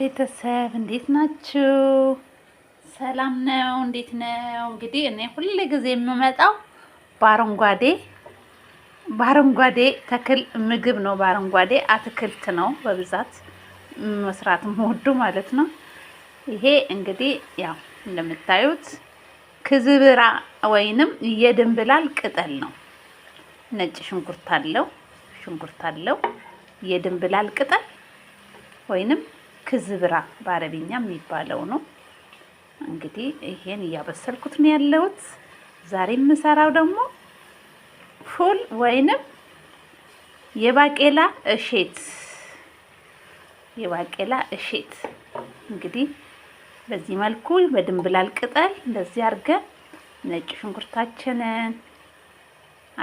ቤተሰብ እንዴት ናችሁ? ሰላም ነው? እንዴት ነው? እንግዲህ እኔ ሁል ጊዜ የምመጣው በአረንጓዴ በአረንጓዴ ተክል ምግብ ነው። በአረንጓዴ አትክልት ነው በብዛት መስራት የምወዱ ማለት ነው። ይሄ እንግዲህ ያው እንደምታዩት ክዝብራ ወይንም የድንብላል ቅጠል ነው። ነጭ ሽንኩርት አለው ሽንኩርት አለው የድንብላል ቅጠል ወይንም ክዝብራ በአረብኛ የሚባለው ነው። እንግዲህ ይሄን እያበሰልኩት ነው ያለሁት። ዛሬ የምሰራው ደግሞ ፉል ወይንም የባቄላ እሼት የባቄላ እሼት እንግዲህ በዚህ መልኩ በድንብላል ቅጠል እንደዚህ አድርገን ነጭ ሽንኩርታችንን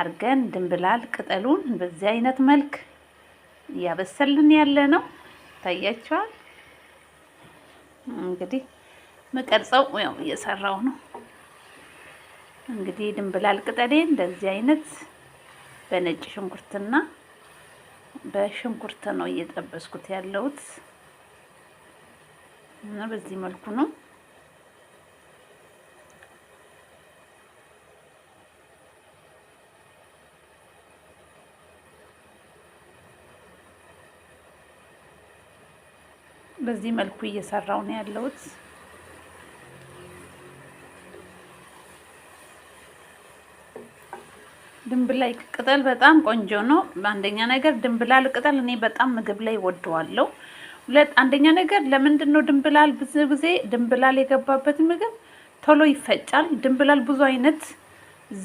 አድርገን ድንብላል ቅጠሉን በዚህ አይነት መልክ እያበሰልን ያለ ነው። ይታያችኋል። እንግዲህ መቀርጸው ያው እየሰራው ነው። እንግዲህ ድንብላል ቅጠሌ እንደዚህ አይነት በነጭ ሽንኩርትና በሽንኩርት ነው እየጠበስኩት ያለሁት እና በዚህ መልኩ ነው። በዚህ መልኩ እየሰራው ነው ያለሁት። ድንብላል ቅጠል በጣም ቆንጆ ነው። አንደኛ ነገር ድንብላል ቅጠል እኔ በጣም ምግብ ላይ ወደዋለሁ። ሁለት አንደኛ ነገር ለምንድን ነው ድንብላል ብዙ ጊዜ ድንብላል የገባበት ምግብ ቶሎ ይፈጫል። ድንብላል ብዙ አይነት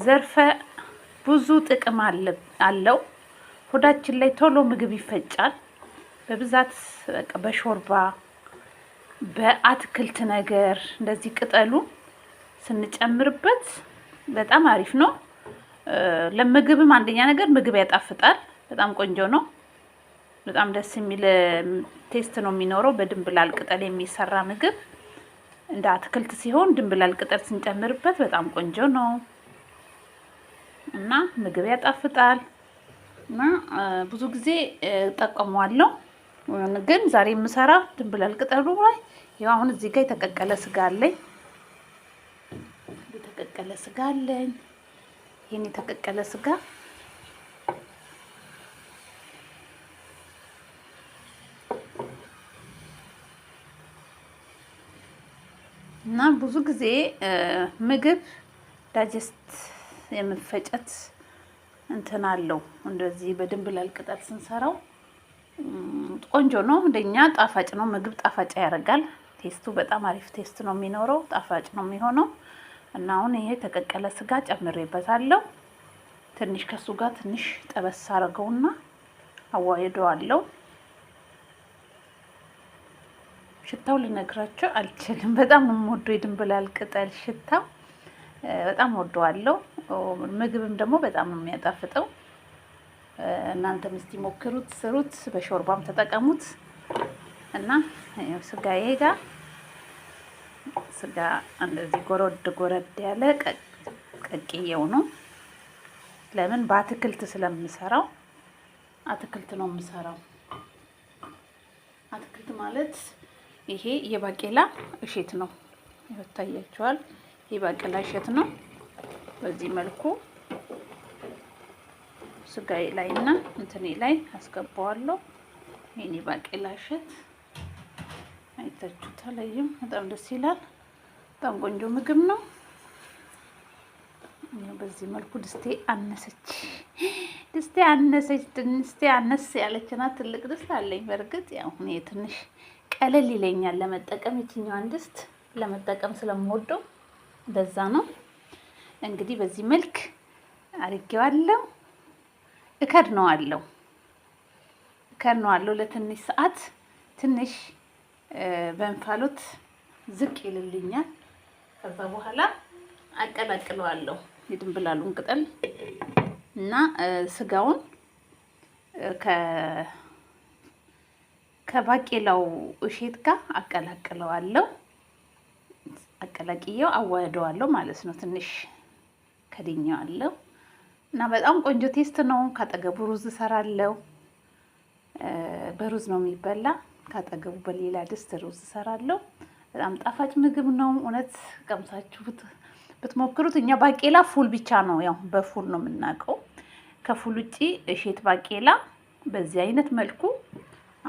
ዘርፈ ብዙ ጥቅም አለው። ሆዳችን ላይ ቶሎ ምግብ ይፈጫል። በብዛት በሾርባ በአትክልት ነገር እንደዚህ ቅጠሉ ስንጨምርበት በጣም አሪፍ ነው። ለምግብም አንደኛ ነገር ምግብ ያጣፍጣል። በጣም ቆንጆ ነው። በጣም ደስ የሚል ቴስት ነው የሚኖረው። በድንብላል ቅጠል የሚሰራ ምግብ እንደ አትክልት ሲሆን ድንብላል ቅጠል ስንጨምርበት በጣም ቆንጆ ነው እና ምግብ ያጣፍጣል እና ብዙ ጊዜ ጠቀመዋለሁ። ግን ዛሬ የምሰራ ድንብላል ቅጠሉ ላይ ያው አሁን እዚህ ጋር የተቀቀለ ስጋ አለኝ። የተቀቀለ ስጋ አለኝ። ይህን የተቀቀለ ስጋ እና ብዙ ጊዜ ምግብ ዳይጀስት የመፈጨት እንትን አለው። እንደዚህ በድንብላል ቅጠል ስንሰራው ቆንጆ ነው። እንደኛ ጣፋጭ ነው። ምግብ ጣፋጭ ያደርጋል። ቴስቱ በጣም አሪፍ ቴስት ነው የሚኖረው፣ ጣፋጭ ነው የሚሆነው እና አሁን ይሄ ተቀቀለ ስጋ ጨምሬበታለሁ። ትንሽ ከሱ ጋር ትንሽ ጠበስ አድርገውና አዋህደዋለሁ። ሽታው ልነግራቸው አልችልም። በጣም የምወደው የድንብላል ቅጠል ሽታው በጣም ወደዋለሁ። ምግብም ደግሞ በጣም ነው የሚያጣፍጠው። እናንተም እስቲ ሞክሩት፣ ስሩት፣ በሾርባም ተጠቀሙት እና ስጋዬ ጋር ስጋ እንደዚህ ጎረድ ጎረድ ያለ ቀቅዬው ነው። ለምን በአትክልት ስለምሰራው አትክልት ነው የምሰራው። አትክልት ማለት ይሄ የባቄላ እሸት ነው። ይታያችኋል። የባቄላ እሸት ነው። በዚህ መልኩ ስጋዬ ላይ እና እንትኔ ላይ አስገባዋለሁ። የኔ ባቄላ እሸት አይታችሁ ተለይም በጣም ደስ ይላል። በጣም ቆንጆ ምግብ ነው። በዚህ መልኩ ድስቴ አነሰች፣ ድስቴ አነሰች፣ ድስቴ አነስ ያለችና ትልቅ ድስት አለኝ። በእርግጥ ያው እኔ ትንሽ ቀለል ይለኛል ለመጠቀም፣ የትኛዋን ድስት ለመጠቀም ስለምወደው በዛ ነው። እንግዲህ በዚህ መልክ አድርጌዋለሁ። እከድነዋለሁ እከድነዋለሁ ለትንሽ ሰዓት ትንሽ በእንፋሎት ዝቅ ይልልኛል። ከዛ በኋላ አቀላቅለዋለሁ የድንብላሉን ቅጠል እና ስጋውን ከባቄላው እሼት ጋር አቀላቅለዋለሁ። አቀላቅየው አዋህደዋለሁ ማለት ነው። ትንሽ ከድኘዋለሁ። እና በጣም ቆንጆ ቴስት ነው። ካጠገቡ ሩዝ እሰራለሁ። በሩዝ ነው የሚበላ። ካጠገቡ በሌላ ድስት ሩዝ እሰራለሁ። በጣም ጣፋጭ ምግብ ነው። እውነት ቀምሳችሁ ብትሞክሩት። እኛ ባቄላ ፉል ብቻ ነው ያው በፉል ነው የምናውቀው። ከፉል ውጭ እሼት ባቄላ በዚህ አይነት መልኩ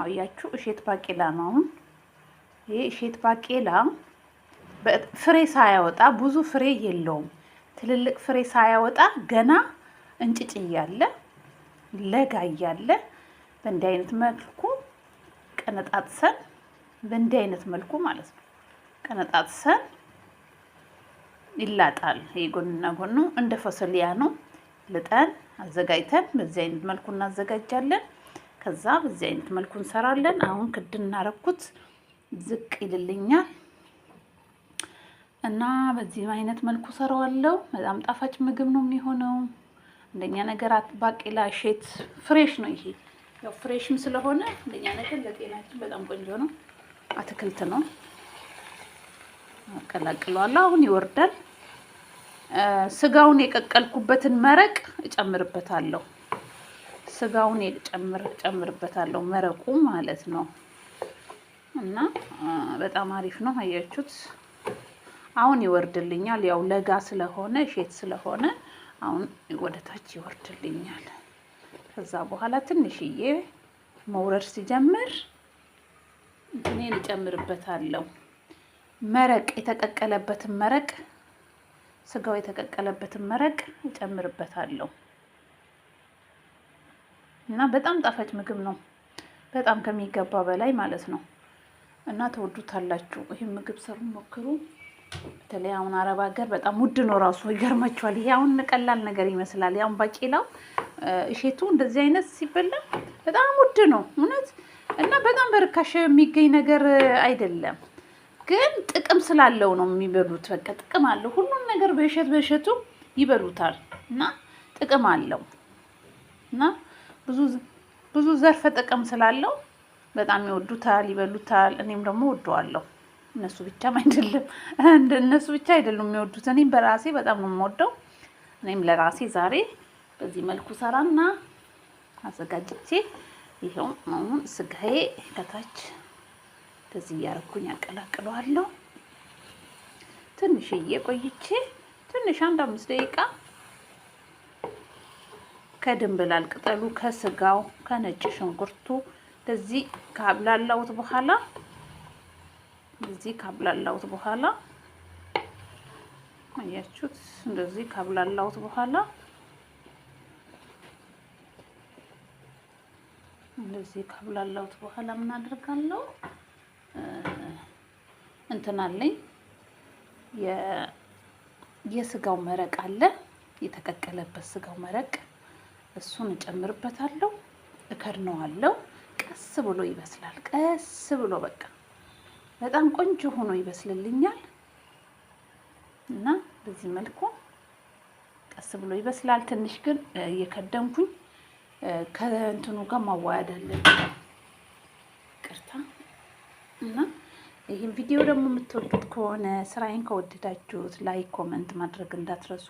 አውያችሁ እሼት ባቄላ ነው። አሁን ይህ እሼት ባቄላ ፍሬ ሳያወጣ ብዙ ፍሬ የለውም። ትልልቅ ፍሬ ሳያወጣ ገና እንጭጭ እያለ ለጋ እያለ በእንዲህ አይነት መልኩ ቀነጣጥሰን በእንዲህ አይነት መልኩ ማለት ነው ቀነጣጥሰን ይላጣል። የጎንና ጎኑ እንደ ፈሰሊያ ነው። ልጠን አዘጋጅተን በዚህ አይነት መልኩ እናዘጋጃለን። ከዛ በዚህ አይነት መልኩ እንሰራለን። አሁን ክድ እናረኩት ዝቅ ይልልኛል እና በዚህ አይነት መልኩ ሰራዋለሁ። በጣም ጣፋጭ ምግብ ነው የሚሆነው። እንደኛ ነገር ባቄላ እሸት ፍሬሽ ነው። ይሄ ያው ፍሬሽም ስለሆነ እንደኛ ነገር ለጤናችን በጣም ቆንጆ ነው። አትክልት ነው። አቀላቅለዋለሁ። አሁን ይወርዳል። ስጋውን የቀቀልኩበትን መረቅ እጨምርበታለሁ። ስጋውን እጨምርበታለሁ መረቁ ማለት ነው። እና በጣም አሪፍ ነው። አያችሁት? አሁን ይወርድልኛል። ያው ለጋ ስለሆነ ሼት ስለሆነ አሁን ወደ ታች ይወርድልኛል። ከዛ በኋላ ትንሽዬ መውረድ ሲጀምር እኔን እጨምርበታለሁ። መረቅ የተቀቀለበትን መረቅ ስጋው የተቀቀለበትን መረቅ እጨምርበታለሁ እና በጣም ጣፋጭ ምግብ ነው። በጣም ከሚገባ በላይ ማለት ነው እና ተወዱታላችሁ። ይህን ምግብ ሰሩ ሞክሩ። በተለይ አሁን አረብ ሀገር በጣም ውድ ነው ራሱ ይገርማችኋል። ይሄ አሁን ቀላል ነገር ይመስላል። ያሁን ባቄላው እሼቱ እንደዚህ አይነት ሲበላ በጣም ውድ ነው እውነት እና በጣም በርካሽ የሚገኝ ነገር አይደለም፣ ግን ጥቅም ስላለው ነው የሚበሉት። በቃ ጥቅም አለው። ሁሉም ነገር በእሸት በእሸቱ ይበሉታል እና ጥቅም አለው እና ብዙ ዘርፈ ጥቅም ስላለው በጣም ይወዱታል፣ ይበሉታል። እኔም ደግሞ ወደዋለሁ። እነሱ ብቻም አይደለም እነሱ ብቻ አይደሉም የሚወዱት። እኔም በራሴ በጣም ነው የምወደው። እኔም ለራሴ ዛሬ በዚህ መልኩ ሰራና አዘጋጅቼ ይኸው አሁን ስጋዬ ከታች እንደዚህ እያደረኩኝ ያቀላቅለዋለሁ። ትንሽዬ ቆይቼ ትንሽ አንድ አምስት ደቂቃ ከድንብላል ቅጠሉ ከስጋው ከነጭ ሽንኩርቱ እንደዚህ ካብላላውት በኋላ እንደዚህ ካብላላሁት በኋላ አያችሁት። እንደዚህ ካብላላሁት በኋላ እንደዚህ ካብላላሁት በኋላ ምን አደርጋለሁ? እንትን አለኝ የስጋው መረቅ አለ የተቀቀለበት ስጋው መረቅ እሱን እጨምርበታለሁ። እከድነዋለሁ። ቀስ ብሎ ይበስላል። ቀስ ብሎ በቃ በጣም ቆንጆ ሆኖ ይበስልልኛል እና በዚህ መልኩ ቀስ ብሎ ይበስላል። ትንሽ ግን እየከደንኩኝ ከእንትኑ ጋር ማዋያድ አለብኝ። ቅርታ እና ይህን ቪዲዮ ደግሞ የምትወዱት ከሆነ ስራዬን ከወደዳችሁት ላይክ፣ ኮመንት ማድረግ እንዳትረሱ።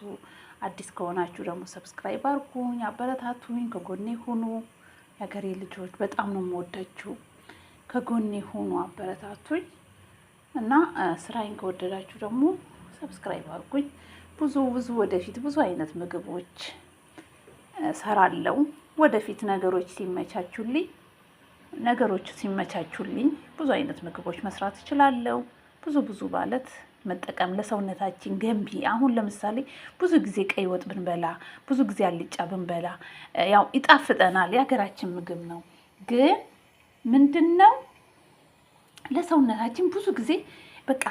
አዲስ ከሆናችሁ ደግሞ ሰብስክራይብ አርጉኝ፣ አበረታቱኝ፣ ከጎኔ ሁኑ። የሀገሬ ልጆች በጣም ነው የምወዳችሁ። ከጎኔ ሁኑ፣ አበረታቱኝ። እና ስራዬን ከወደዳችሁ ደግሞ ሰብስክራይብ አድርጉኝ። ብዙ ብዙ ወደፊት ብዙ አይነት ምግቦች ሰራለው። ወደፊት ነገሮች ሲመቻቹልኝ ነገሮች ሲመቻቹልኝ ብዙ አይነት ምግቦች መስራት እችላለሁ። ብዙ ብዙ ማለት መጠቀም ለሰውነታችን ገንቢ። አሁን ለምሳሌ ብዙ ጊዜ ቀይ ወጥ ብንበላ፣ ብዙ ጊዜ አልጫ ብንበላ ያው ይጣፍጠናል፣ የሀገራችን ምግብ ነው። ግን ምንድን ነው ለሰውነታችን ብዙ ጊዜ በቃ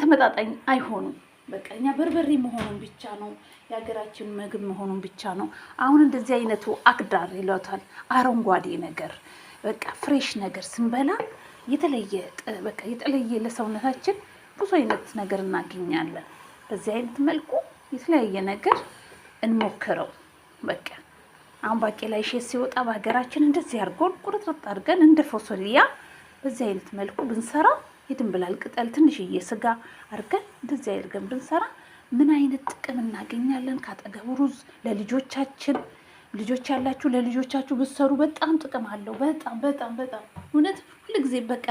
ተመጣጣኝ አይሆኑም። በቃ እኛ በርበሬ መሆኑን ብቻ ነው የሀገራችን ምግብ መሆኑን ብቻ ነው። አሁን እንደዚህ አይነቱ አክዳር ይለታል አረንጓዴ ነገር በቃ ፍሬሽ ነገር ስንበላ የተለየ በቃ የተለየ ለሰውነታችን ብዙ አይነት ነገር እናገኛለን። በዚህ አይነት መልኩ የተለያየ ነገር እንሞክረው። በቃ አሁን ባቄላ ይሸት ሲወጣ በሀገራችን እንደዚህ አድርጎን ቁርጥርጥ አድርገን እንደ ፎሶልያ በዚህ አይነት መልኩ ብንሰራ የድንብላል ቅጠል ትንሽዬ ስጋ አድርገን እንደዚህ አድርገን ብንሰራ ምን አይነት ጥቅም እናገኛለን? ካጠገቡ ሩዝ ለልጆቻችን ልጆች ያላችሁ ለልጆቻችሁ ብትሰሩ በጣም ጥቅም አለው። በጣም በጣም በጣም እውነት ሁልጊዜ በቃ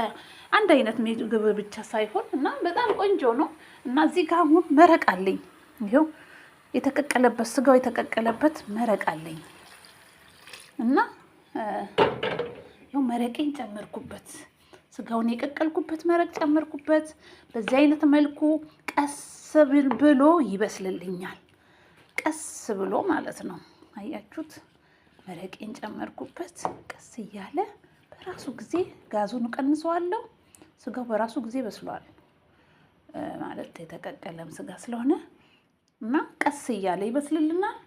አንድ አይነት ምግብ ብቻ ሳይሆን እና በጣም ቆንጆ ነው እና እዚህ ጋር አሁን መረቅ አለኝ። ይኸው የተቀቀለበት ስጋው የተቀቀለበት መረቅ አለኝ እና ይኸው መረቄን ጨመርኩበት። ስጋውን የቀቀልኩበት መረቅ ጨመርኩበት። በዚህ አይነት መልኩ ቀስ ብሎ ይበስልልኛል። ቀስ ብሎ ማለት ነው። አያችሁት? መረቄን ጨመርኩበት። ቀስ እያለ በራሱ ጊዜ ጋዙን ቀንሰዋለሁ። ስጋው በራሱ ጊዜ በስሏል ማለት የተቀቀለም ስጋ ስለሆነ እና ቀስ እያለ ይበስልልናል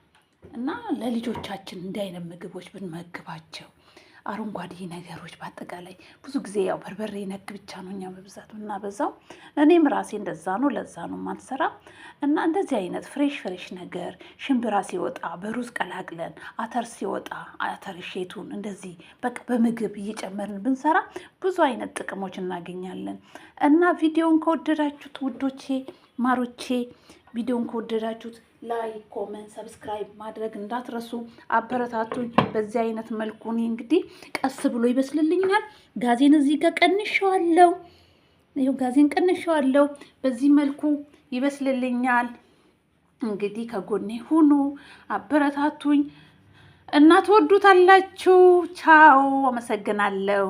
እና ለልጆቻችን እንዲህ አይነት ምግቦች ብንመግባቸው አረንጓዴ ነገሮች በአጠቃላይ ብዙ ጊዜ ያው በርበሬ ነክ ብቻ ነው እኛ በብዛት እና በዛው እኔም ራሴ እንደዛ ነው። ለዛ ነው ማንሰራ እና እንደዚህ አይነት ፍሬሽ ፍሬሽ ነገር ሽምብራ ሲወጣ በሩዝ ቀላቅለን አተር ሲወጣ አተር ሼቱን እንደዚህ በቃ በምግብ እየጨመርን ብንሰራ ብዙ አይነት ጥቅሞች እናገኛለን። እና ቪዲዮን ከወደዳችሁት ውዶቼ ማሮቼ ቪዲዮን ከወደዳችሁት ላይክ፣ ኮመንት፣ ሰብስክራይብ ማድረግ እንዳትረሱ። አበረታቱኝ በዚህ አይነት መልኩ እኔ እንግዲህ ቀስ ብሎ ይበስልልኛል። ጋዜን እዚህ ጋር ቀንሸዋለሁ። ይኸው ጋዜን ቀንሸዋለሁ። በዚህ መልኩ ይበስልልኛል። እንግዲህ ከጎኔ ሁኑ፣ አበረታቱኝ እና ትወዱታላችሁ። ቻው፣ አመሰግናለሁ።